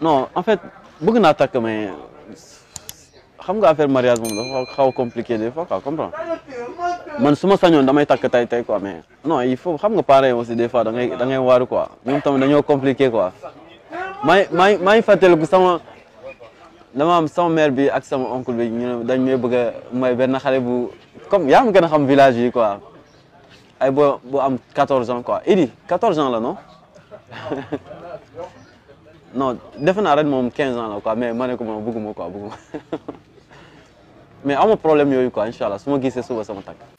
non en fait si on attaque, mais xam nga faire mariage c'est dafa xaw compliqué des fois quoi comprends man damay quoi mais non il faut xam nga pareil aussi des fois da ngay da quoi compliqué quoi Moi, mère oncle bi may comme quoi 14 ans quoi Idi 14 ans là, non non defe naa ren moom 15 ans la quoi mais ma ne ko moom bëgguma quoi bëgguma mais amoo problème yooyu quoi incha allah su ma gisee suba sama takk.